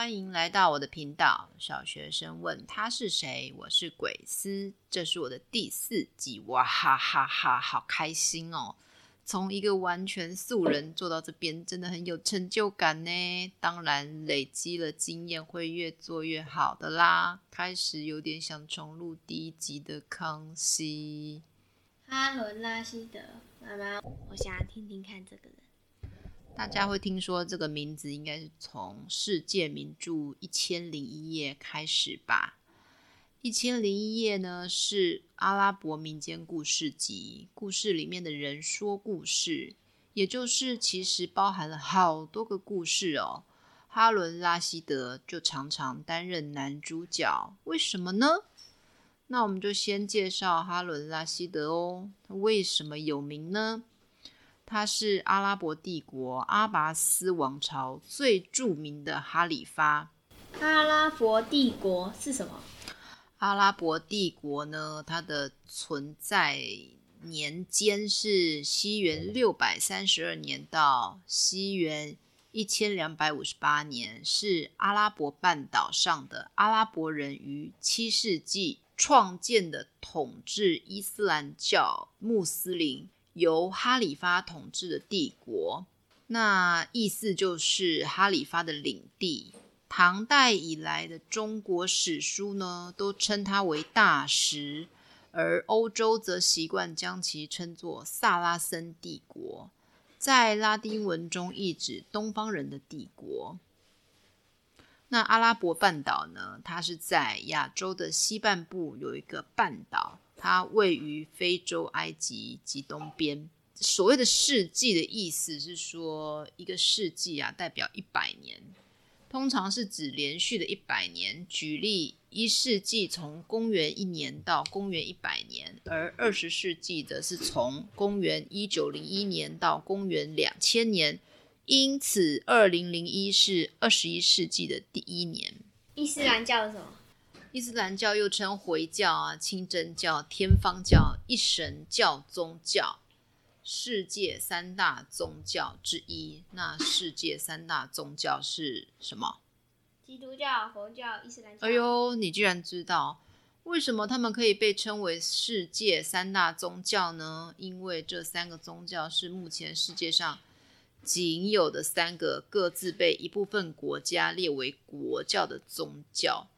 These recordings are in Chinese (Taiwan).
歡迎來到我的頻道。小學生問他是誰，我是鬼斯，這是我的第四集哇哈哈哈哈，好開心哦！從一個完全素人做到這邊，真的很有成就感呢。當然，累積了經驗，會越做越好的啦。開始有點想重錄第一集的康熙。哈倫拉希德，媽媽，我想要聽聽看這個人。大家會聽說這個名字，應該是從世界名著一一《一千零一夜》開始吧。《一千零一夜》呢是阿拉伯民間故事集，故事裡面的人說故事，也就是其實包含了好多個故事哦。哈倫·拉希德就常常擔任男主角，為什麼呢？那我們就先介紹哈倫·拉希德哦，他為什麼有名呢？他是阿拉伯帝國阿拔斯王朝最著名的哈里發。阿拉伯帝國是什麼？阿拉伯帝國呢？它的存在年間是西元六百三十二年到西元一千兩百五十八年，是阿拉伯半島上的阿拉伯人於七世紀創建的，統治伊斯蘭教穆斯林。由哈里發統治的帝國，那意思就是哈里發的領地。唐代以來的中國史書呢，都稱它為大食；而歐洲則習慣將其稱作薩拉森帝國，在拉丁文中意指東方人的帝國。那阿拉伯半島呢，它是在亞洲的西半部有一個半島。它位於非洲埃及及東邊。所謂的世紀的意思是說，一個世紀啊代表一百年，通常是指連續的一百年。舉例，一世紀從公元一年到公元一百年，而二十世紀的是從公元一九零一年到公元兩千年。因此，二零零一是二十一世紀的第一年。伊斯蘭教的什麼？哎伊斯蘭教又稱回教啊、清真教、天方教，一神教宗教，世界三大宗教之一。那世界三大宗教是什麼？基督教、佛教、伊斯蘭教。哎呦，你居然知道？為什麼他們可以被稱為世界三大宗教呢？因為這三個宗教是目前世界上僅有的三個，各自被一部分國家列為國教的宗教。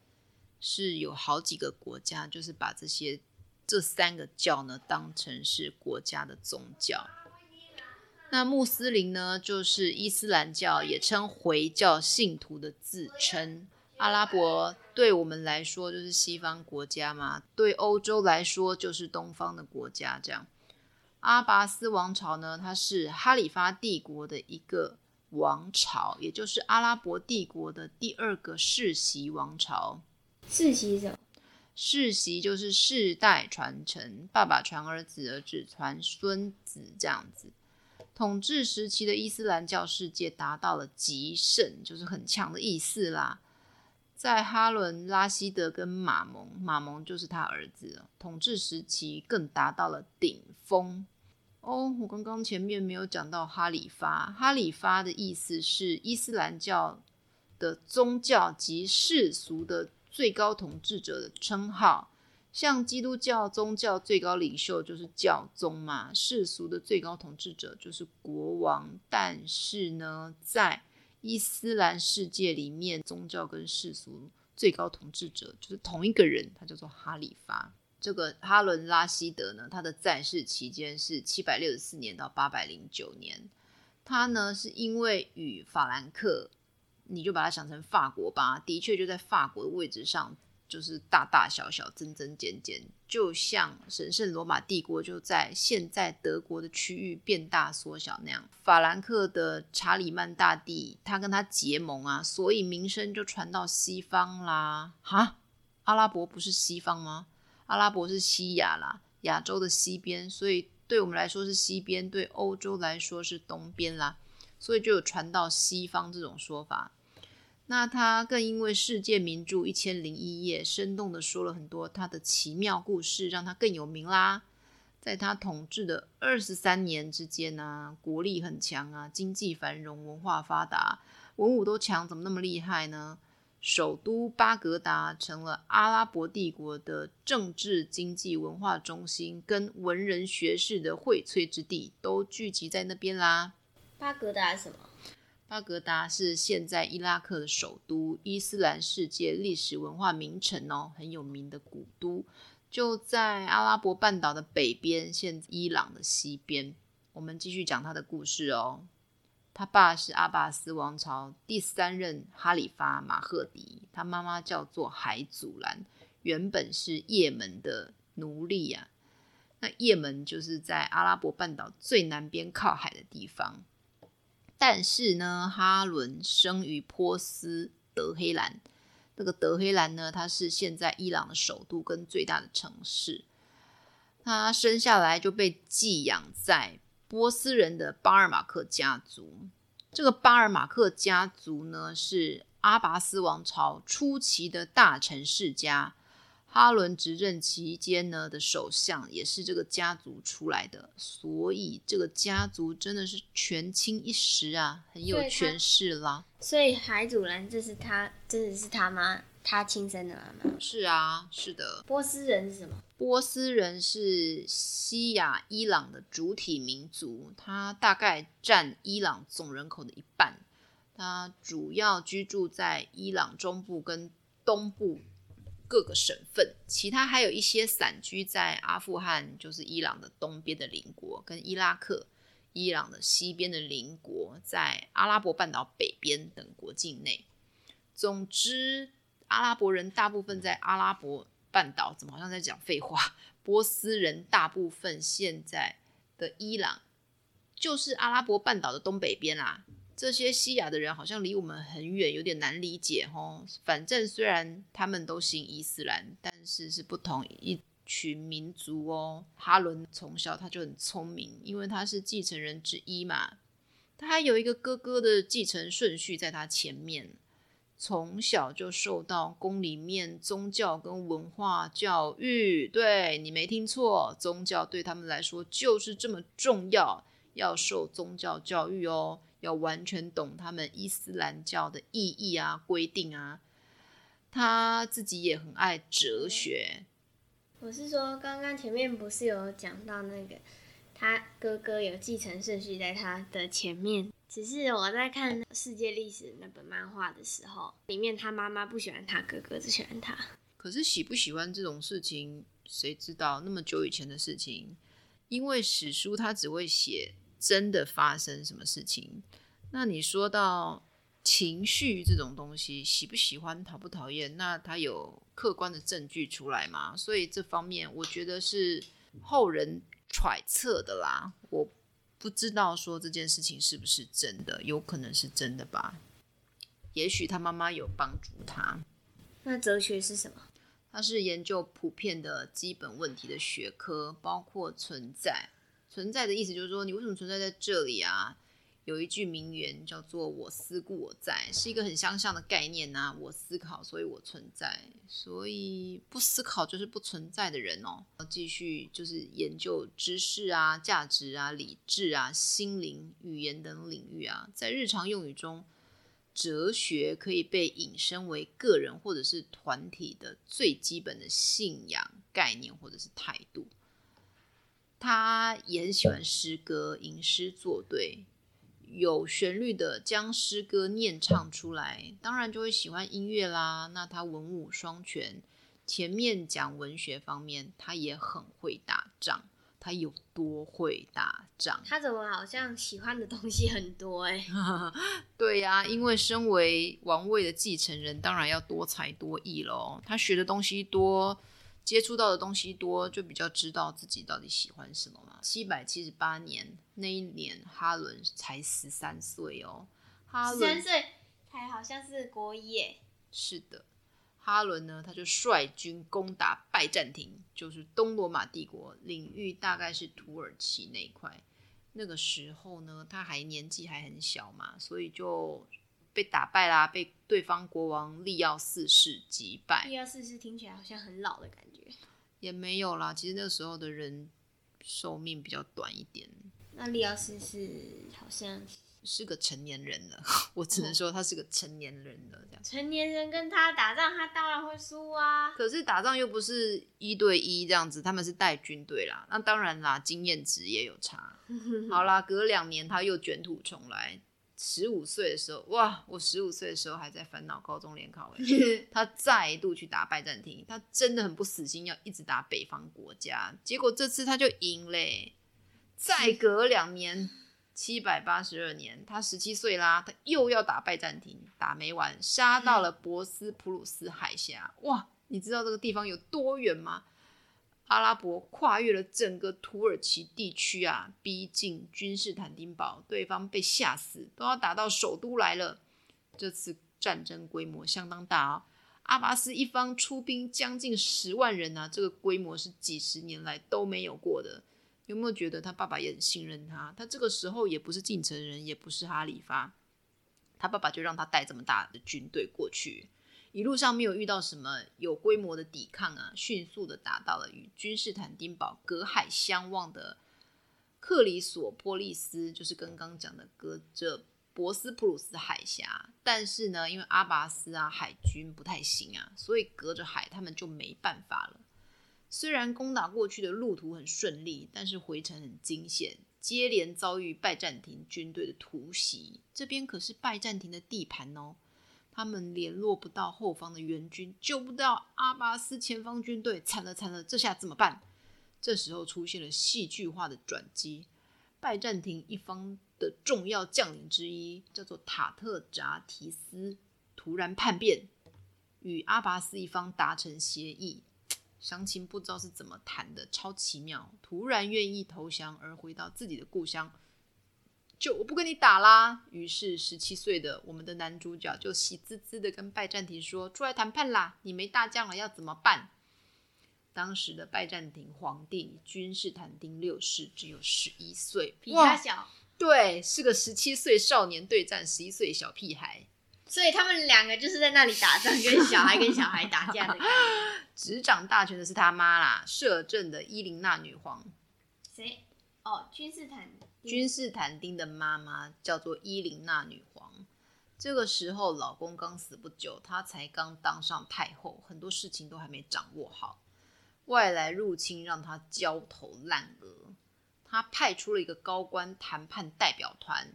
是有好幾個國家，就是把這些這三個教呢當成是國家的宗教。那穆斯林呢，就是伊斯蘭教，也稱回教信徒的自稱。阿拉伯對我們來說就是西方國家嘛，對歐洲來說就是東方的國家。這樣，阿拔斯王朝呢，它是哈里發帝國的一個王朝，也就是阿拉伯帝國的第二個世襲王朝。世襲是什麼？世襲就是世代傳承，爸爸傳兒子，兒子傳孫子這樣子。統治時期的伊斯蘭教世界達到了極盛，就是很強的意思啦。在哈倫·拉希德跟馬蒙，馬蒙就是他兒子，統治時期更達到了頂峰。哦，我剛剛前面沒有講到哈里發，哈里發的意思是伊斯蘭教的宗教及世俗的最高統治者的稱號，像基督教宗教最高領袖就是教宗嘛，世俗的最高統治者就是國王。但是呢，在伊斯蘭世界裡面，宗教跟世俗最高統治者就是同一個人，他叫做哈里發。這個哈倫·拉希德呢，他的在世期間是七百六十四年到八百零九年。他呢是因為與法蘭克你就把它想成法國吧，的確就在法國的位置上，就是大大小小、增增減減。就像神聖羅馬帝國就在現在德國的區域變大縮小那樣。法蘭克的查理曼大帝，他跟他結盟啊，所以名聲就傳到西方啦。哈，阿拉伯不是西方嗎？阿拉伯是西亞啦，亞洲的西邊，所以對我們來說是西邊，對歐洲來說是東邊啦，所以就有傳到西方這種說法。那他更因為《世界名著一千零一夜》生動地說了很多他的奇妙故事，讓他更有名啦。在他統治的二十三年之間呢、啊，國力很強啊，經濟繁榮，文化發達，文武都強，怎麼那麼厲害呢？首都巴格達成了阿拉伯帝國的政治、經濟、文化中心，跟文人學士的薈萃之地，都聚集在那邊啦。巴格達什麼？巴格達是現在伊拉克的首都，伊斯蘭世界歷史文化名城哦，很有名的古都，就在阿拉伯半島的北邊，現在伊朗的西邊。我們繼續講他的故事哦。他爸是阿巴斯王朝第三任哈里發馬赫迪，他媽媽叫做海祖蘭，原本是也門的奴隸啊。那也門就是在阿拉伯半島最南邊靠海的地方。但是呢，哈倫生於波斯德黑蘭。這、那個德黑蘭呢，它是現在伊朗的首都跟最大的城市，他生下來就被寄養在波斯人的巴爾馬克家族。這個巴爾馬克家族呢，是阿拔斯王朝初期的大臣世家。哈倫執政期間呢的首相也是這個家族出來的，所以這個家族真的是權傾一時啊，很有權勢啦所。所以海祖蘭這是他真的是他媽他親生的媽媽。是啊，是的。波斯人是什麼？波斯人是西亞伊朗的主體民族，他大概佔伊朗總人口的一半，他主要居住在伊朗中部跟東部。各個省份，其他還有一些散居在阿富汗，就是伊朗的東邊的鄰國，跟伊拉克、伊朗的西邊的鄰國，在阿拉伯半島北邊等國境內。總之，阿拉伯人大部分在阿拉伯半島，怎麼好像在講廢話？波斯人大部分現在的伊朗，就是阿拉伯半島的東北邊啦、啊。這些西亞的人好像離我們很遠，有點難理解哦。反正雖然他們都信伊斯蘭，但是是不同一群民族哦。哈倫從小他就很聰明，因為他是繼承人之一嘛。他還有一個哥哥的繼承順序在他前面，從小就受到宮裡面宗教跟文化教育。對，你沒聽錯，宗教對他們來說就是這麼重要，要受宗教教育哦。要完全懂他們伊斯蘭教的意義啊，規定啊，他自己也很愛哲學。Okay. 我是說，剛剛前面不是有講到那個他哥哥有繼承順序在他的前面，只是我在看世界歷史那本漫畫的時候，裡面他媽媽不喜歡他哥哥，只喜歡他。可是喜不喜歡這種事情，誰知道？那麼久以前的事情，因為史書他只會寫。真的發生什麼事情？那你說到情緒這種東西，喜不喜歡，討不討厭？那他有客觀的證據出來嗎？所以這方面我覺得是後人揣測的啦。我不知道說這件事情是不是真的，有可能是真的吧？也許他媽媽有幫助他。那哲學是什麼？他是研究普遍的基本問題的學科，包括存在。存在的意思就是說，你為什麼存在在這裡啊？有一句名言叫做“我思故我在”，是一個很相像的概念啊。我思考，所以我存在，所以不思考就是不存在的人哦。要繼續就是研究知識啊、價值啊、理智啊、心靈、語言等領域啊。在日常用語中，哲學可以被引申為個人或者是團體的最基本的信仰概念或者是態度。他也喜歡詩歌，吟詩作對，有旋律的將詩歌念唱出來，當然就會喜歡音樂啦。那他文武雙全，前面講文學方面，他也很會打仗。他有多會打仗？他怎麼好像喜歡的東西很多欸？ 對呀，因為身為王位的繼承人，當然要多才多藝嘍。他學的東西多。接觸到的東西多，就比較知道自己到底喜歡什麼嘛。七百七十八年那一年，哈倫才十三歲哦，哈倫，十三歲，他好像是國一耶。是的，哈倫呢，他就率軍攻打拜占庭，就是東羅馬帝國領域，大概是土耳其那一塊。那個時候呢，他還年紀還很小嘛，所以就。被打敗啦，啊，被對方國王利奧四世擊敗。利奧四世聽起來好像很老的感覺，也沒有啦。其實那個時候的人壽命比較短一點。那利奧四世好像、嗯、是個成年人了， 我只能說他是個成年人的。這樣，成年人跟他打仗，他當然會輸啊。可是打仗又不是一對一這樣子，他們是帶軍隊啦，那當然啦，經驗值也有差。 好啦，隔兩年他又卷土重來。十五歲的時候，哇！我十五歲的時候還在煩惱高中聯考哎。他再度去打拜占庭，他真的很不死心，要一直打北方國家。結果這次他就贏嘞。再隔兩年，七百八十二年，他十七歲啦，他又要打拜占庭，打沒完，殺到了博斯普魯斯海峽。哇，你知道這個地方有多遠嗎？阿拉伯跨越了整個土耳其地區啊，逼近君士坦丁堡，對方被嚇死，都要打到首都來了。這次戰爭規模相當大啊、哦，阿巴斯一方出兵將近十萬人呢、啊，這個規模是幾十年來都沒有過的。有沒有覺得他爸爸也很信任他？他這個時候也不是繼承人，也不是哈里發，他爸爸就讓他帶這麼大的軍隊過去。一路上沒有遇到什麼有規模的抵抗啊，迅速的打到了與君士坦丁堡隔海相望的克里索波利斯，就是剛剛講的隔着博斯普魯斯海峽。但是呢，因為阿拔斯啊海軍不太行啊，所以隔着海他們就沒辦法了。雖然攻打過去的路途很順利，但是回程很驚險，接連遭遇拜占庭軍隊的突襲。這邊可是拜占庭的地盤哦。他們聯絡不到後方的援軍，救不到阿拔斯前方軍隊，慘了慘了，這下怎麼辦？這時候出現了戲劇化的轉機，拜占庭一方的重要將領之一叫做塔特扎提斯，突然叛變，與阿拔斯一方達成協議，詳情不知道是怎麼談的，超奇妙，突然願意投降而回到自己的故鄉。就我不跟你打啦。於是十七歲的我們的男主角就喜滋滋的跟拜占庭說：“出來談判啦！你沒大將了，要怎麼辦？”當時的拜占庭皇帝君士坦丁六世只有十一歲，比他小。對，是個十七歲少年對戰十一歲小屁孩，所以他們兩個就是在那裡打仗，跟小孩跟小孩打架的感覺。 執掌大權的是他媽啦，攝政的伊琳娜女皇，誰？哦，君士坦。君士坦丁的媽媽叫做伊琳娜女皇。這個時候，老公剛死不久，她才剛當上太後，很多事情都還沒掌握好。外來入侵讓她焦頭爛額。她派出了一個高官談判代表團，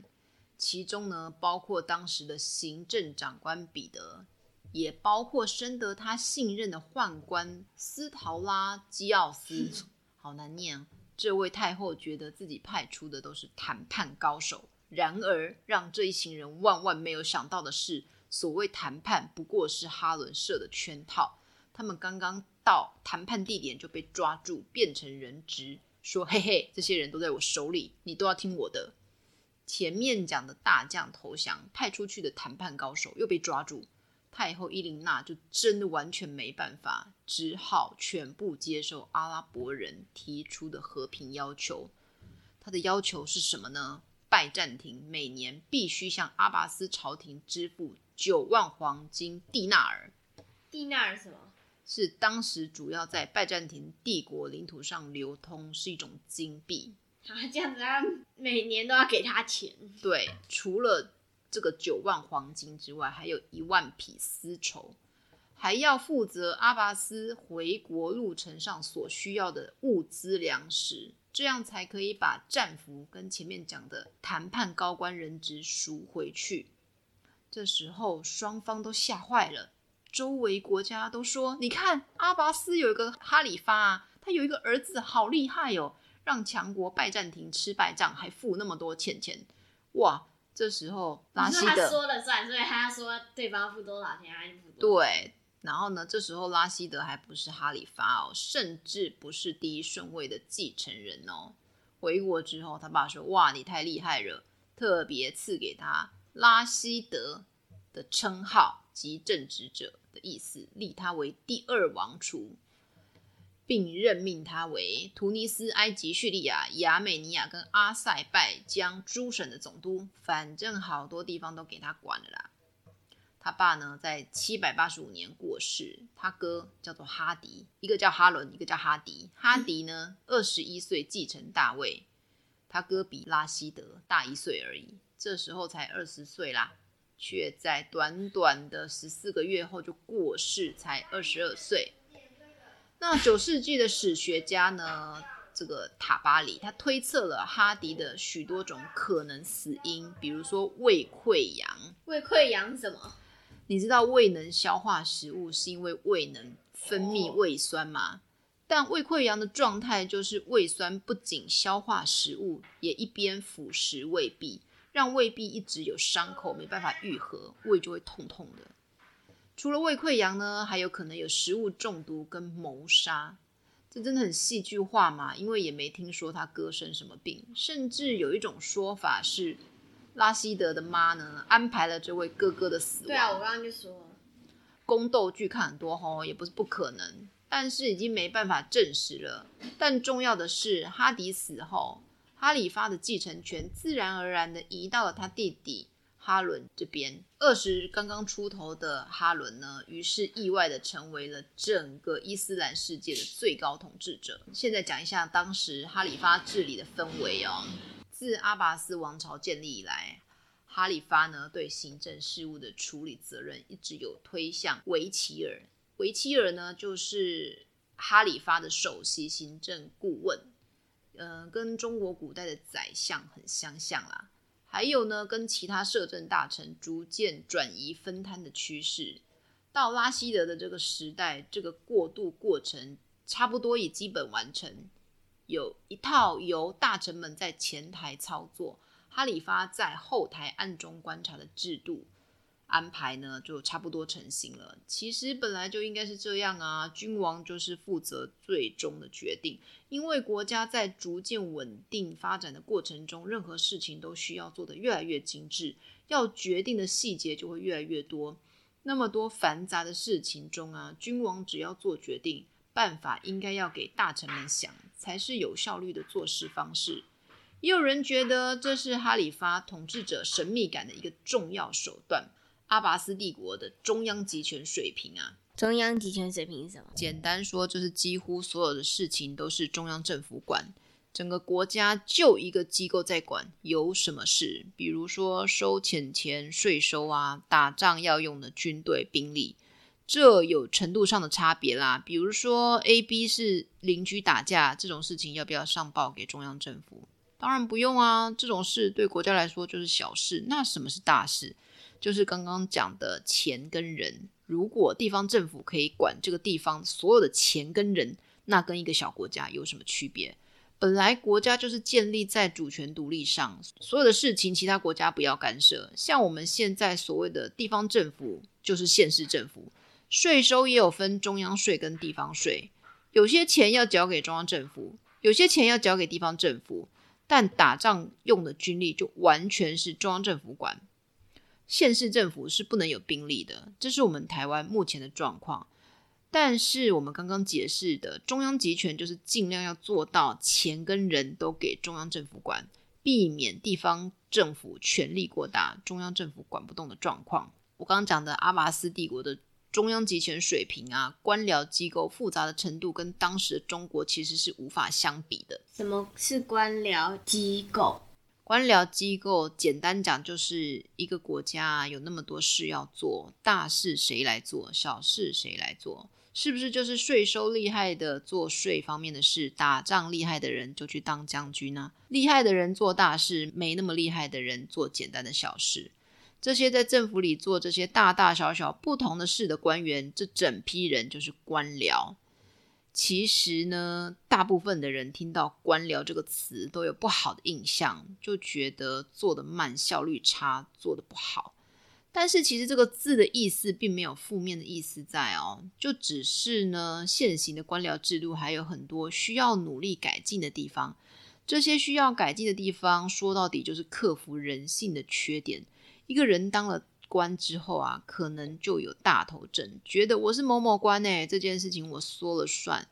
其中呢包括當時的行政長官彼得，也包括深得她信任的宦官斯陶拉基奧斯，嗯。好難念啊。這位太后覺得自己派出的都是談判高手，然而讓這一行人萬萬沒有想到的是，所謂談判不過是哈倫設的圈套。他們剛剛到談判地點就被抓住，變成人質，說：“嘿嘿，這些人都在我手裡，你都要聽我的。”前面講的大將投降，派出去的談判高手又被抓住。太后伊琳娜就真的完全沒辦法，只好全部接受阿拉伯人提出的和平要求。他的要求是什麼呢？拜占庭每年必須向阿拔斯朝廷支付九萬黃金蒂納爾。蒂納爾什麼？是當時主要在拜占庭帝國領土上流通，是一種金幣。好、啊，這樣子，他每年都要給他錢。對，除了。這個九萬黃金之外，還有一萬匹絲綢，還要負責阿拔斯回國路程上所需要的物資糧食，這樣才可以把戰俘跟前面講的談判高官人質贖回去。這時候雙方都嚇壞了，周圍國家都說：“你看，阿拔斯有一個哈里發、啊，他有一個兒子，好厲害哦！讓強國拜占庭吃敗仗，還付那麼多錢錢，哇！”這時候，說他說了算，所以他說對方付多少錢他就付多少。對，然後呢？這時候拉希德還不是哈里發哦，甚至不是第一順位的繼承人哦。回國之後，他爸說：“哇，你太厲害了，特別賜給他拉希德的稱號即正直者的意思，立他為第二王儲。”並任命他為突尼斯、埃及、敘利亞、亞美尼亞跟阿塞拜疆諸省的總督，反正好多地方都給他管了啦。他爸呢，在七百八十五年過世。他哥叫做哈迪，一個叫哈倫，一個叫哈迪。哈迪呢，二十一歲繼承大位。他哥比拉希德大一歲而已，這時候才二十歲啦，卻在短短的十四個月後就過世，才二十二歲。那九世紀的史學家呢？這個塔巴里，他推測了哈迪的許多種可能死因，比如說胃潰瘍。胃潰瘍是什麼？你知道胃能消化食物是因為胃能分泌胃酸嗎？Oh. 但胃潰瘍的狀態就是胃酸不僅消化食物，也一邊腐蝕胃壁，讓胃壁一直有傷口，沒辦法癒合，胃就會痛痛的。除了胃潰瘍呢，還有可能有食物中毒跟謀殺，這真的很戲劇化嘛？因為也沒聽說他哥生什麼病，甚至有一種說法是，拉希德的媽呢，安排了這位哥哥的死亡。對啊，我剛剛就說了，宮鬥劇看很多吼、哦，也不是不可能，但是已經沒辦法證實了。但重要的是，哈迪死後，哈里發的繼承權自然而然地移到了他弟弟。哈倫這邊，二十剛剛出頭的哈倫呢，於是意外地成為了整個伊斯蘭世界的最高統治者。現在講一下當時哈里發治理的氛圍哦。自阿拔斯王朝建立以來，哈里發呢對行政事務的處理責任一直有推向維齊爾。維齊爾呢就是哈里發的首席行政顧問，呃，跟中國古代的宰相很相像啦。還有呢，跟其他攝政大臣逐漸轉移分攤的趨勢，到拉希德的這個時代，這個過渡過程差不多已基本完成。有一套由大臣們在前台操作，哈里發在後台暗中觀察的制度。安排呢，就差不多成型了。其實本來就應該是這樣啊，君王就是負責最終的決定，因為國家在逐漸穩定發展的過程中，任何事情都需要做得越來越精緻，要決定的細節就會越來越多。那麼多繁雜的事情中啊，君王只要做決定，辦法應該要給大臣們想，才是有效率的做事方式。也有人覺得這是哈里發統治者神秘感的一個重要手段。阿拔斯帝國的中央集權水平啊，中央集權水平是什麼？簡單說就是幾乎所有的事情都是中央政府管，整個國家就一個機構在管。有什麼事，比如說收錢錢、稅收啊，打仗要用的軍隊兵力，這有程度上的差別啦。比如說 A、B 是鄰居打架這種事情，要不要上報給中央政府？當然不用啊，這種事對國家來說就是小事。那什麼是大事？就是剛剛講的錢跟人，如果地方政府可以管這個地方所有的錢跟人，那跟一個小國家有什麼區別？本來國家就是建立在主權獨立上，所有的事情其他國家不要干涉。像我們現在所謂的地方政府就是縣市政府，稅收也有分中央稅跟地方稅，有些錢要交給中央政府，有些錢要交給地方政府，但打仗用的軍力就完全是中央政府管。縣市政府是不能有兵力的，這是我們台灣目前的狀況。但是我們剛剛解釋的中央集權，就是盡量要做到錢跟人都給中央政府管，避免地方政府權力過大、中央政府管不動的狀況。我剛剛講的阿拔斯帝國的中央集權水平啊，官僚機構複雜的程度，跟當時的中國其實是無法相比的。什麼是官僚機構？官僚機構，簡單講就是一個國家有那麼多事要做，大事誰來做，小事誰來做？是不是就是稅收厲害的做稅方面的事，打仗厲害的人就去當將軍呢、啊？厲害的人做大事，沒那麼厲害的人做簡單的小事。這些在政府裡做這些大大小小不同的事的官員，這整批人就是官僚。其實呢，大部分的人聽到“官僚”這個詞都有不好的印象，就覺得做得慢、效率差、做得不好。但是其實這個字的意思並沒有負面的意思在哦，就只是呢，現行的官僚制度還有很多需要努力改進的地方。這些需要改進的地方，說到底就是克服人性的缺點。一個人當了官之後啊，可能就有大頭症，覺得我是某某官呢、欸，這件事情我說了算，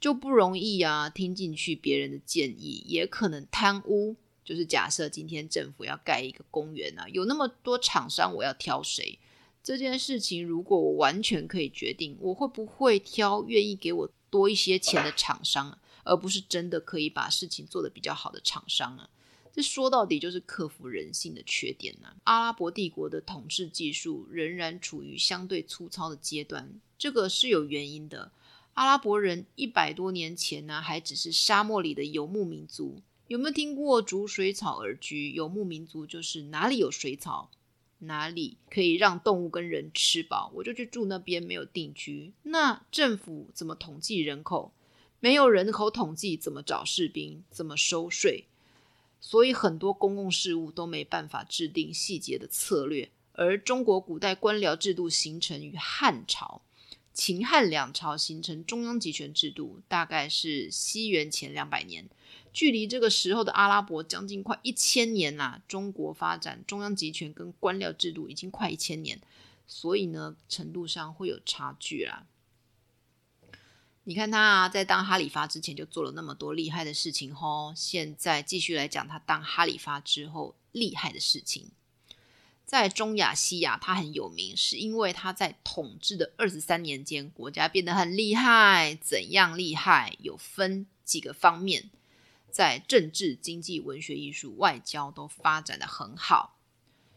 就不容易啊，聽進去別人的建議，也可能貪污。就是假設今天政府要蓋一個公園啊，有那麼多廠商，我要挑誰？這件事情如果我完全可以決定，我會不會挑願意給我多一些錢的廠商，而不是真的可以把事情做得比較好的廠商啊？這說到底就是克服人性的缺點呢、啊，阿拉伯帝國的統治技術仍然處於相對粗糙的階段，這個是有原因的。阿拉伯人一百多年前呢、啊，還只是沙漠裡的游牧民族。有沒有聽過逐水草而居？游牧民族就是哪裡有水草，哪裡可以讓動物跟人吃飽，我就去住那邊，沒有定居。那政府怎麼統計人口？沒有人口統計，怎麼找士兵？怎麼收稅？所以很多公共事務都沒辦法制定細節的策略，而中國古代官僚制度形成於漢朝，秦漢兩朝形成中央集權制度大概是西元前兩百年，距離這個時候的阿拉伯將近快一千年啦。中國發展中央集權跟官僚制度已經快一千年，所以呢，程度上會有差距啦。你看他啊，在當哈里發之前就做了那麼多厲害的事情哦，現在繼續來講他當哈里發之後厲害的事情。在中亞西亞，他很有名，是因為他在統治的二十三年間，國家變得很厲害。怎樣厲害？有分幾個方面，在政治、經濟、文學、藝術、外交都發展得很好。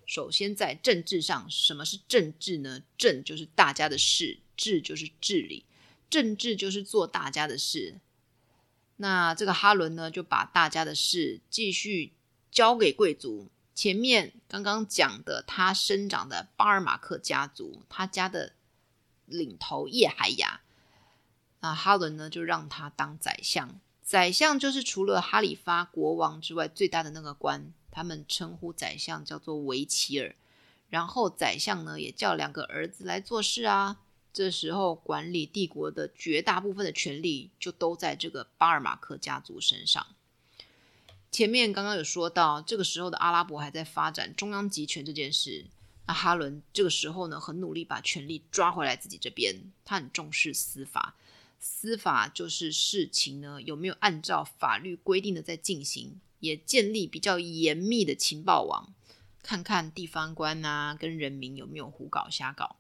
首先在政治上，什麼是政治呢？政就是大家的事，治就是治理。政治就是做大家的事，那這個哈倫呢，就把大家的事繼續交給貴族。前面剛剛講的，他生長的巴爾馬克家族，他家的領頭葉海雅。那哈倫呢就讓他當宰相。宰相就是除了哈裡發國王之外最大的那個官，他們稱呼宰相叫做維齊爾。然後宰相呢也叫兩個兒子來做事啊。這時候，管理帝國的絕大部分的權力就都在這個巴爾馬克家族身上。前面剛剛有說到，這個時候的阿拉伯還在發展中央集權這件事。那哈倫這個時候呢，很努力把權力抓回來自己這邊。他很重視司法，司法就是事情呢有沒有按照法律規定的在進行，也建立比較嚴密的情報網，看看地方官啊跟人民有沒有胡搞瞎搞。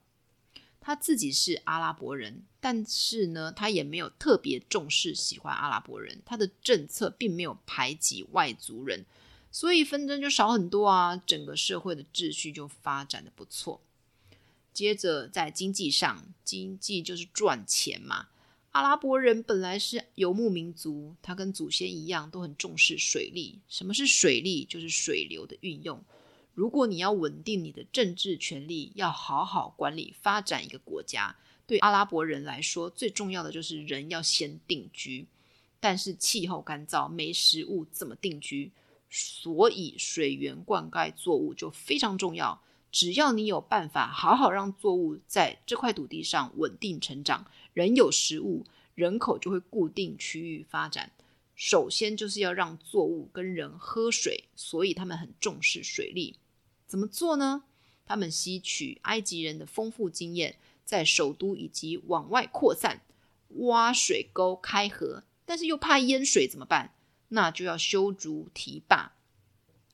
他自己是阿拉伯人，但是呢，他也沒有特別重視喜歡阿拉伯人，他的政策並沒有排擠外族人，所以紛爭就少很多啊，整個社會的秩序就發展得不錯。接着在經濟上，經濟就是賺錢嘛。阿拉伯人本來是游牧民族，他跟祖先一樣都很重視水利。什麼是水利？就是水流的運用。如果你要穩定你的政治權力，要好好管理發展一個國家。對阿拉伯人來說，最重要的就是人要先定居，但是氣候乾燥，沒食物怎麼定居？所以水源灌溉作物就非常重要。只要你有辦法好好讓作物在這塊土地上穩定成長，人有食物，人口就會固定區域發展。首先就是要讓作物跟人喝水，所以他們很重視水利。怎麼做呢？他們吸取埃及人的豐富經驗，在首都以及往外擴散挖水溝、開河，但是又怕淹水怎麼辦？那就要修築堤壩，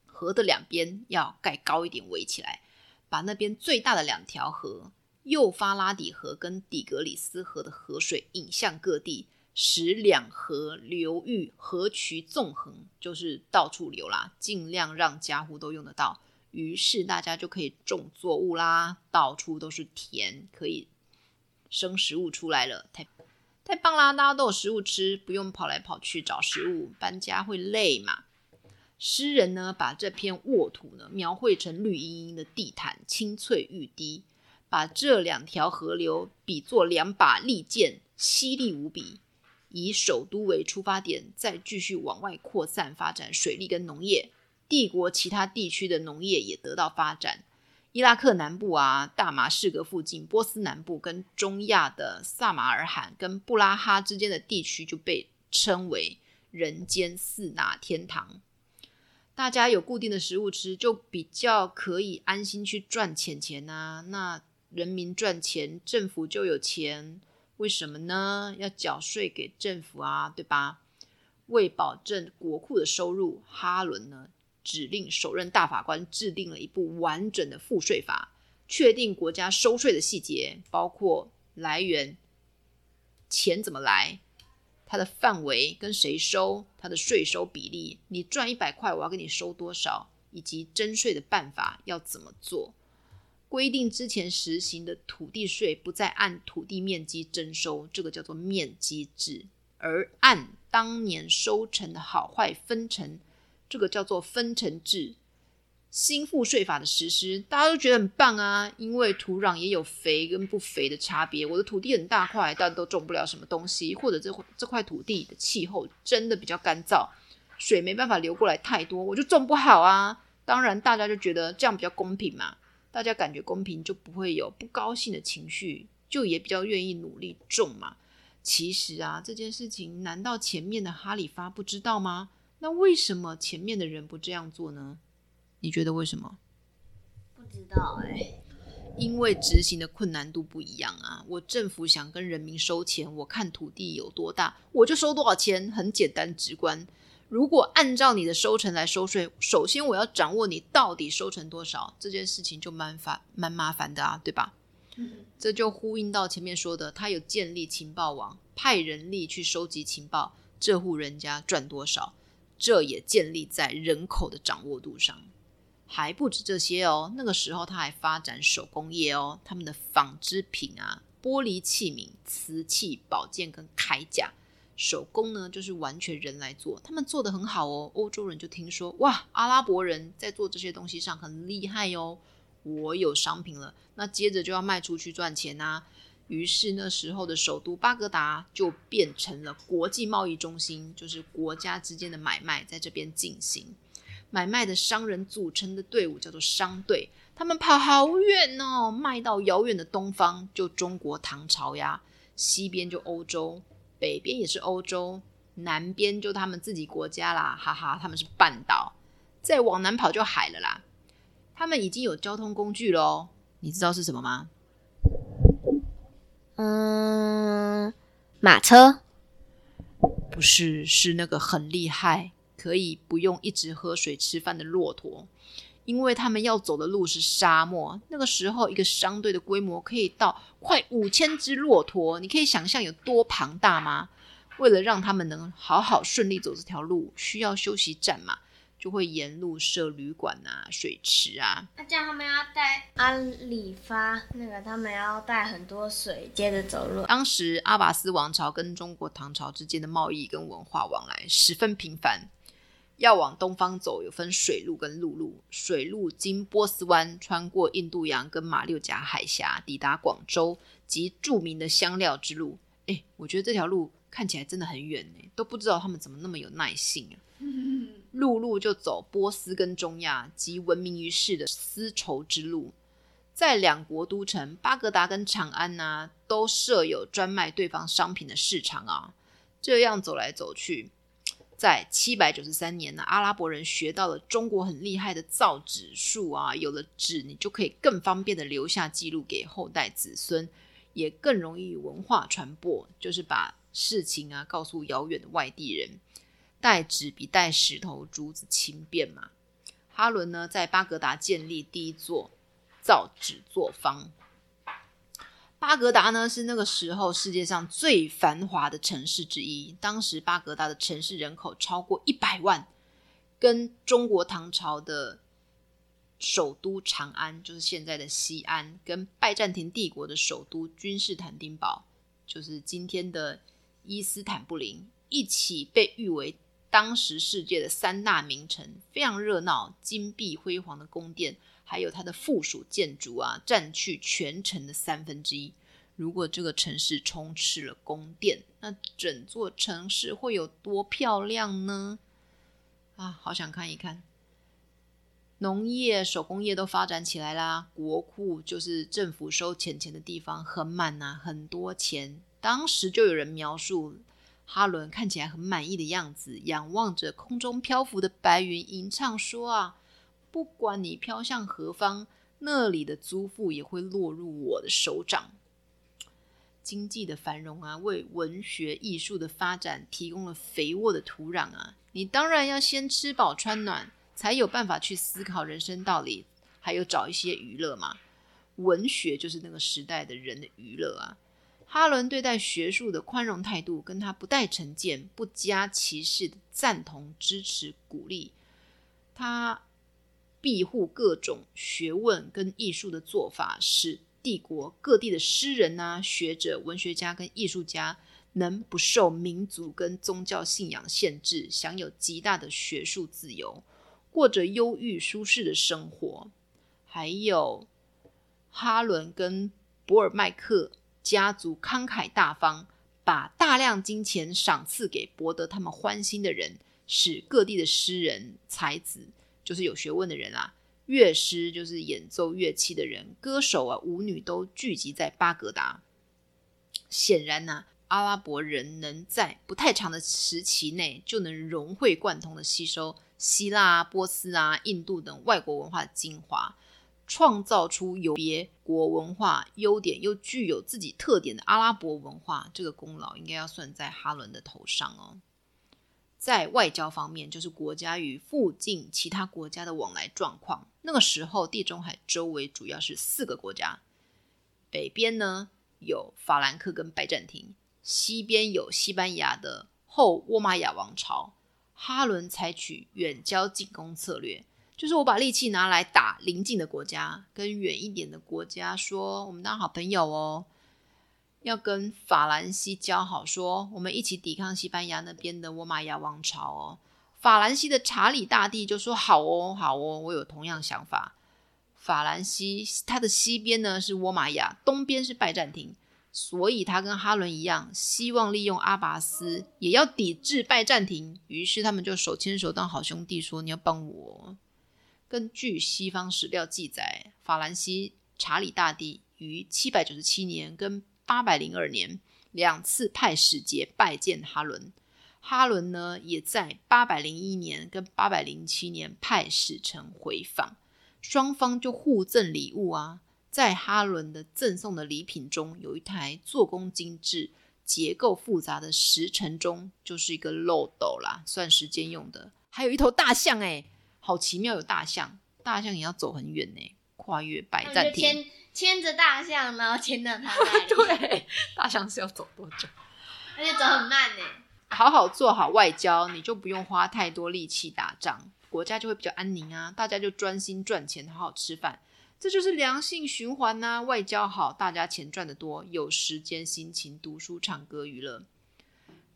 河的兩邊要蓋高一點，圍起來，把那邊最大的兩條河——幼發拉底河跟底格里斯河的河水引向各地，使兩河流域河渠縱橫，就是到處流啦，盡量讓家戶都用得到。於是大家就可以種作物啦，到處都是田，可以生食物出來了，太太棒啦！大家都有食物吃，不用跑來跑去找食物，搬家會累嘛。詩人呢，把這片沃土呢描繪成綠茵茵的地毯，青翠欲滴，把這兩條河流比作兩把利劍，犀利無比。以首都為出發點，再繼續往外擴散發展水利跟農業。帝國其他地區的農業也得到發展，伊拉克南部啊、大馬士革附近、波斯南部跟中亞的薩馬爾罕跟布拉哈之間的地區就被稱為“人間四大天堂”。大家有固定的食物吃，就比較可以安心去賺錢錢啊。那人民賺錢，政府就有錢。為什麼呢？要繳稅給政府啊，對吧？為保證國庫的收入，哈倫呢？指令首任大法官制定了一部完整的賦稅法，確定國家收稅的細節，包括來源、錢怎麼來、它的範圍跟誰收、它的稅收比例。你賺一百塊，我要給你收多少，以及徵稅的辦法要怎麼做。規定之前實行的土地稅不再按土地面積徵收，這個叫做面積制，而按當年收成的好壞分成。這個叫做分成制。新賦稅法的實施，大家都覺得很棒啊，因為土壤也有肥跟不肥的差別。我的土地很大塊，但都種不了什麼東西，或者這塊這塊土地的氣候真的比較乾燥，水沒辦法流過來太多，我就種不好啊。當然，大家就覺得這樣比較公平嘛，大家感覺公平就不會有不高興的情緒，就也比較願意努力種嘛。其實啊，這件事情難道前面的哈里發不知道嗎？那為什麼前面的人不這樣做呢？你覺得為什麼？不知道哎，因為執行的困難度不一樣啊。我政府想跟人民收錢，我看土地有多大，我就收多少錢，很簡單直觀。如果按照你的收成來收稅，首先我要掌握你到底收成多少，這件事情就蠻煩蠻麻煩的啊，對吧？嗯，這就呼應到前面說的，他有建立情報網，派人力去收集情報，這戶人家賺多少。這也建立在人口的掌握度上，還不止這些哦。那個時候，他還發展手工業哦，他們的紡織品啊、玻璃器皿、瓷器、寶劍跟鎧甲，手工呢就是完全人來做，他們做得很好哦。歐洲人就聽說，哇，阿拉伯人在做這些東西上很厲害哦，我有商品了，那接着就要賣出去賺錢吶啊。於是那時候的首都巴格達就變成了國際貿易中心，就是國家之間的買賣在這邊進行。買賣的商人組成的隊伍叫做商隊，他們跑好遠哦，賣到遙遠的東方，就中國唐朝呀；西邊就歐洲，北邊也是歐洲，南邊就他們自己國家啦，哈哈，他們是半島。再往南跑就海了啦。他們已經有交通工具嘍，你知道是什麼嗎？嗯，馬車不是，是那個很厲害，可以不用一直喝水吃飯的駱駝，因為他們要走的路是沙漠。那個時候，一個商隊的規模可以到快五千隻駱駝，你可以想象有多龐大嗎？為了讓他們能好好順利走這條路，需要休息站嘛？就會沿路設旅館啊、水池啊。那、啊、這樣他們要帶安里發那個，他們要帶很多水，接着走路。當時阿拔斯王朝跟中國唐朝之間的貿易跟文化往來十分頻繁。要往東方走，有分水路跟陸路。水路經波斯灣，穿過印度洋跟馬六甲海峽，抵達廣州及著名的香料之路。哎，我覺得這條路看起來真的很遠呢，都不知道他們怎麼那麼有耐性啊。 陸路就走波斯跟中亞及聞名於世的絲綢之路，在兩國都城巴格達跟長安吶啊，都設有專賣對方商品的市場啊。這樣走來走去，在七百九十三年呢，阿拉伯人學到了中國很厲害的造紙術啊，有了紙，你就可以更方便的留下記錄給後代子孫，也更容易文化傳播，就是把事情啊告訴遙遠的外地人。帶紙比帶石頭、珠子輕便嘛？哈倫呢，在巴格達建立第一座造紙作坊。巴格達呢，是那個時候世界上最繁華的城市之一。當時巴格達的城市人口超過一百萬，跟中國唐朝的首都長安（就是現在的西安）跟拜占庭帝國的首都君士坦丁堡（就是今天的伊斯坦布林）一起被譽為。當時世界的三大名城非常熱鬧，金碧輝煌的宮殿，還有它的附屬建築啊，占去全城的三分之一。如果這個城市充斥了宮殿，那整座城市會有多漂亮呢？啊，好想看一看。農業、手工業都發展起來啦，國庫就是政府收錢錢的地方，很滿吶，很多錢。當時就有人描述。哈倫看起來很滿意的樣子，仰望着空中漂浮的白雲，吟唱說：“啊，不管你飄向何方，那裡的租賦也會落入我的手掌。經濟的繁榮啊，為文學藝術的發展提供了肥沃的土壤啊。你當然要先吃飽穿暖，才有辦法去思考人生道理，還有找一些娛樂嘛。文學就是那個時代的人的娛樂啊。”哈倫對待學術的寬容態度，跟他不帶成見、不加歧視的贊同、支持、鼓勵，他庇護各種學問跟藝術的做法，使帝國各地的詩人啊、學者、文學家跟藝術家，能不受民族跟宗教信仰限制，享有極大的學術自由，過着優裕舒適的生活。還有哈倫跟博爾麥克。家族慷慨大方，把大量金錢賞賜給博得他們歡心的人，使各地的詩人、才子，就是有學問的人啊，樂師，就是演奏樂器的人，歌手啊，舞女都聚集在巴格達。顯然呢、啊，阿拉伯人能在不太長的時期內，就能融會貫通的吸收希臘、啊、波斯啊、印度等外國文化的精華。創造出有別國文化優點又具有自己特點的阿拉伯文化，這個功勞應該要算在哈倫的頭上哦。在外交方面，就是國家與附近其他國家的往來狀況。那個時候，地中海周圍主要是四個國家，北邊呢有法蘭克跟拜占庭，西邊有西班牙的後倭馬亞王朝。哈倫採取遠交近攻策略。就是我把力氣拿來打鄰近的國家，跟遠一點的國家說，我們當好朋友哦。要跟法蘭西交好，說我們一起抵抗西班牙那邊的倭馬亞王朝哦。法蘭西的查理大帝就說好哦，好哦，我有同樣想法。法蘭西它的西邊呢是倭馬亞，東邊是拜占庭，所以他跟哈倫一樣，希望利用阿拔斯也要抵制拜占庭。於是他們就手牽手當好兄弟說，說你要幫我。根據西方史料記載，法蘭西查理大帝於七百九十七年跟八百零二年兩次派使節拜見哈倫，哈倫呢也在八百零一年跟八百零七年派使臣回訪，雙方就互贈禮物啊。在哈倫的贈送的禮品中，有一台做工精緻、結構複雜的時辰鐘，就是一個漏斗啦，算時間用的，還有一頭大象哎。好奇妙，有大象，大象也要走很遠呢，跨越拜占庭，牽牽着大象，呢，牽着他。對，大象是要走多久？而且走很慢呢。好好做好外交，你就不用花太多力氣打仗，國家就會比較安寧啊，大家就專心賺錢，好好吃飯，這就是良性循環吶、啊。外交好，大家錢賺得多，有時間心情讀書、唱歌、娛樂。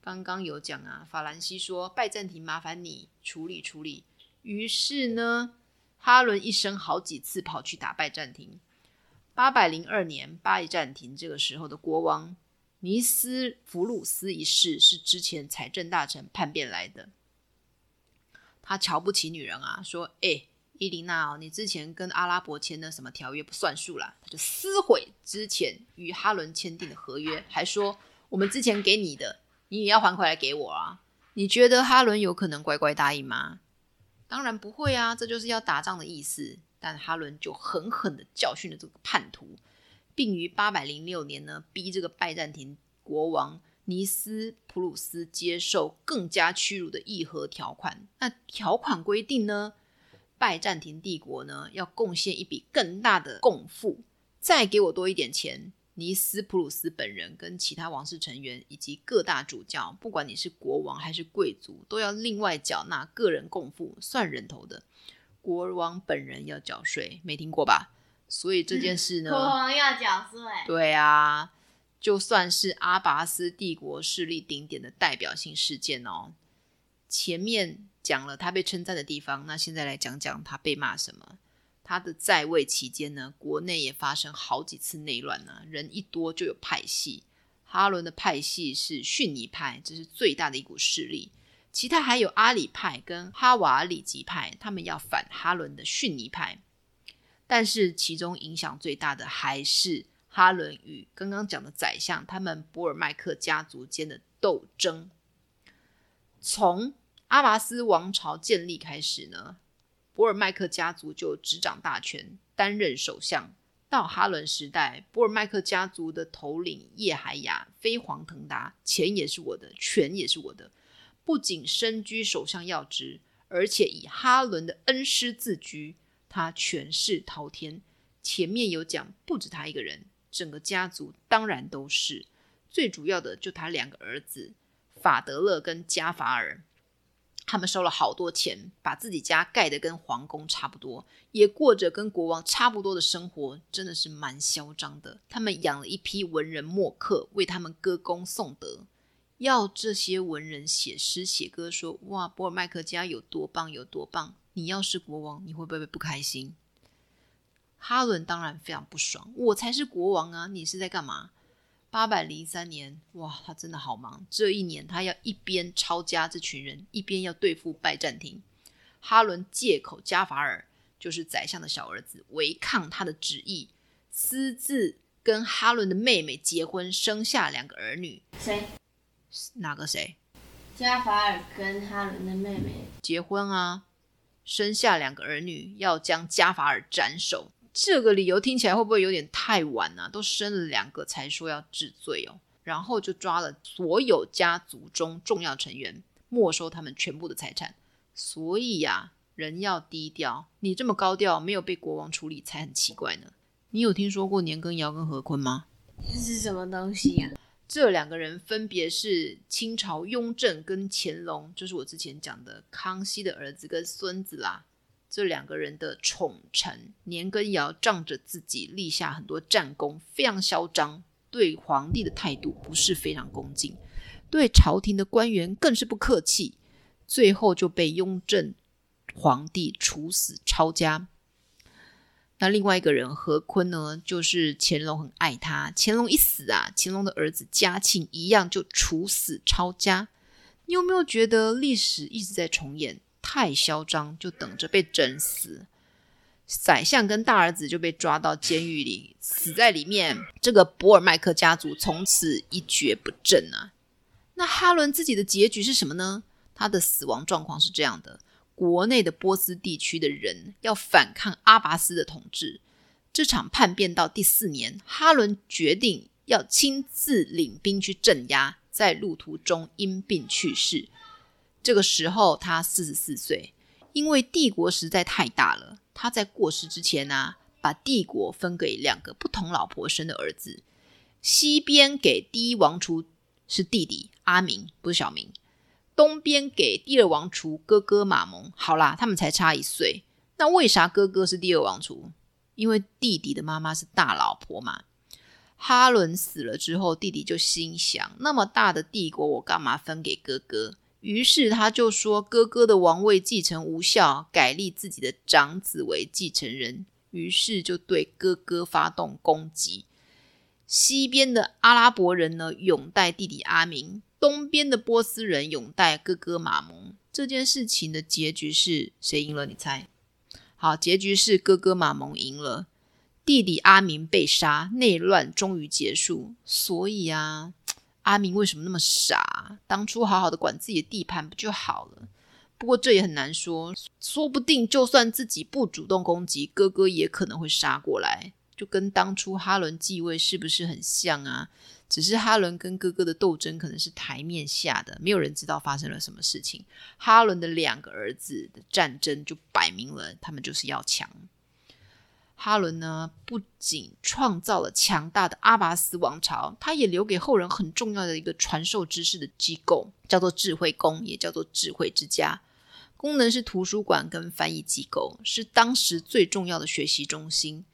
剛剛有講啊，法蘭西說拜占庭，麻煩你處理處理。於是呢，哈倫一生好幾次跑去打拜占庭。八百零二年，拜占庭這個時候的國王尼斯福魯斯一世是之前財政大臣叛變來的。他瞧不起女人啊，說：“誒、欸，伊琳娜哦，你之前跟阿拉伯簽的什麼條約不算數啦。”他就撕毀之前與哈倫簽訂的合約，還說：“我們之前給你的，你也要還回來給我啊。”你覺得哈倫有可能乖乖答應嗎？當然不會啊，這就是要打仗的意思。但哈倫就狠狠地教訓了這個叛徒，並於八百零六年呢，逼這個拜占庭國王尼斯普魯斯接受更加屈辱的議和條款。那條款規定呢，拜占庭帝國呢要貢獻一筆更大的貢賦，再給我多一點錢。尼斯普魯斯本人跟其他王室成員以及各大主教，不管你是國王還是貴族，都要另外繳納個人貢賦算人頭的。國王本人要繳稅，沒聽過吧？所以這件事呢，嗯，國王要繳稅。對啊，就算是阿拔斯帝國勢力頂點的代表性事件哦。前面講了他被稱讚的地方，那現在來講講他被罵什麼。他的在位期間呢，國內也發生好幾次內亂呢。人一多就有派系，哈倫的派系是遜尼派，這是最大的一股勢力。其他還有阿里派跟哈瓦里吉派，他們要反哈倫的遜尼派。但是其中影響最大的還是哈倫與剛剛講的宰相他們波爾麥克家族間的鬥爭。從阿拔斯王朝建立開始呢。博爾麥克家族就執掌大權，擔任首相。到哈倫時代，博爾麥克家族的頭領葉海亞飛黃騰達，錢也是我的，權也是我的。不僅身居首相要職，而且以哈倫的恩師自居，他權勢滔天。前面有講，不止他一個人，整個家族當然都是。最主要的就他兩個兒子法德勒跟加法爾。他們收了好多錢，把自己家蓋得跟皇宮差不多，也過着跟國王差不多的生活，真的是蠻囂張的。他們養了一批文人墨客，為他們歌功頌德，要這些文人寫詩寫歌說，說哇，波爾麥克家有多棒有多棒。你要是國王，你會不會不開心？哈倫當然非常不爽，我才是國王啊！你是在幹嘛？八百零三年，哇，他真的好忙。這一年，他要一邊抄家這群人，一邊要對付拜占庭。哈倫借口加法爾就是宰相的小兒子違抗他的旨意，私自跟哈倫的妹妹結婚，生下兩個兒女。誰？哪個誰？加法爾跟哈倫的妹妹結婚啊，生下兩個兒女，要將加法爾斬首。這個理由聽起來會不會有點太晚呢、啊？都生了兩個才說要治罪哦，然後就抓了所有家族中重要成員，沒收他們全部的財產。所以呀、啊，人要低調，你這麼高調，沒有被國王處理才很奇怪呢。你有聽說過年羹堯跟和珅嗎？這是什麼東西呀、啊？這兩個人分別是清朝雍正跟乾隆，就是我之前講的康熙的兒子跟孫子啦。這兩個人的寵臣年羹堯仗着自己立下很多戰功，非常囂張，對皇帝的態度不是非常恭敬，對朝廷的官員更是不客氣，最後就被雍正皇帝處死抄家。那另外一個人和珅呢？就是乾隆很愛他，乾隆一死啊，乾隆的兒子嘉慶一樣就處死抄家。你有沒有覺得歷史一直在重演？太囂張，就等着被整死。宰相跟大兒子就被抓到監獄裡，死在裡面。這個博爾麥克家族從此一蹶不振啊。那哈倫自己的結局是什麼呢？他的死亡狀況是這樣的：國內的波斯地區的人要反抗阿拔斯的統治，這場叛變到第四年，哈倫決定要親自領兵去鎮壓，在路途中因病去世。這個時候他四十四歲，因為帝國實在太大了，他在過世之前呢、啊，把帝國分給兩個不同老婆生的兒子，西邊給第一王儲是弟弟阿明，不是小明，東邊給第二王儲哥哥馬蒙。好啦，他們才差一歲，那為啥哥哥是第二王儲？因為弟弟的媽媽是大老婆嘛。哈倫死了之後，弟弟就心想：那麼大的帝國，我幹嘛分給哥哥？於是他就說哥哥的王位繼承無效，改立自己的長子為繼承人。於是就對哥哥發動攻擊。西邊的阿拉伯人呢，擁戴弟弟阿明；東邊的波斯人擁戴哥哥馬蒙。這件事情的結局是誰贏了？你猜？好，結局是哥哥馬蒙贏了，弟弟阿明被殺，內亂終於結束。所以啊。阿明為什麼那麼傻啊？當初好好的管自己的地盤不就好了？不過這也很難說，說不定就算自己不主動攻擊，哥哥也可能會殺過來。就跟當初哈倫繼位是不是很像啊？只是哈倫跟哥哥的鬥爭可能是檯面下的，沒有人知道發生了什麼事情。哈倫的兩個兒子的戰爭就擺明了，他們就是要強。哈倫呢，不僅創造了強大的阿拔斯王朝，他也留給後人很重要的一個傳授知識的機構，叫做智慧宮，也叫做智慧之家。功能是圖書館跟翻譯機構，是當時最重要的學習中心。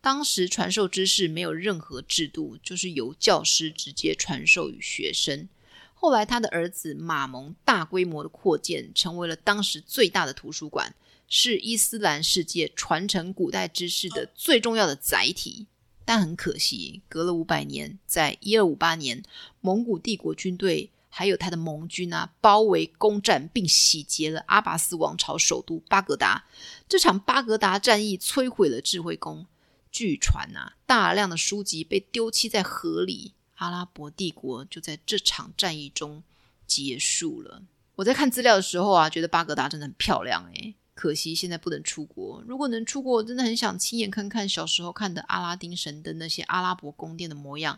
當時傳授知識沒有任何制度，就是由教師直接傳授於學生。後來他的兒子馬蒙大規模的擴建，成為了當時最大的圖書館。是伊斯蘭世界傳承古代知識的最重要的載體，但很可惜，隔了五百年，在一二五八年，蒙古帝國軍隊還有他的盟軍啊，包圍、攻占並洗劫了阿拔斯王朝首都巴格達。這場巴格達戰役摧毀了智慧宮，據傳啊，大量的書籍被丟棄在河裡。阿拉伯帝國就在這場戰役中結束了。我在看資料的時候啊，覺得巴格達真的很漂亮，哎，誒可惜現在不能出國。如果能出國，我真的很想親眼看看小時候看的《阿拉丁神燈》那些阿拉伯宮殿的模樣。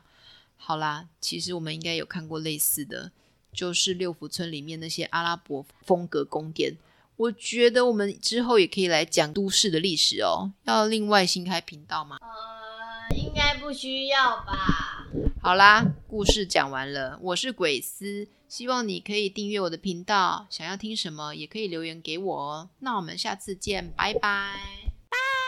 好啦，其實我們應該有看過類似的，就是六福村裡面那些阿拉伯風格宮殿。我覺得我們之後也可以來講都市的歷史哦。要另外新開頻道嗎？呃，應該不需要吧。好啦，故事講完了。我是鬼斯。希望你可以訂閱我的頻道，想要聽什麼也可以留言給我哦。那我們下次見，拜拜。拜拜。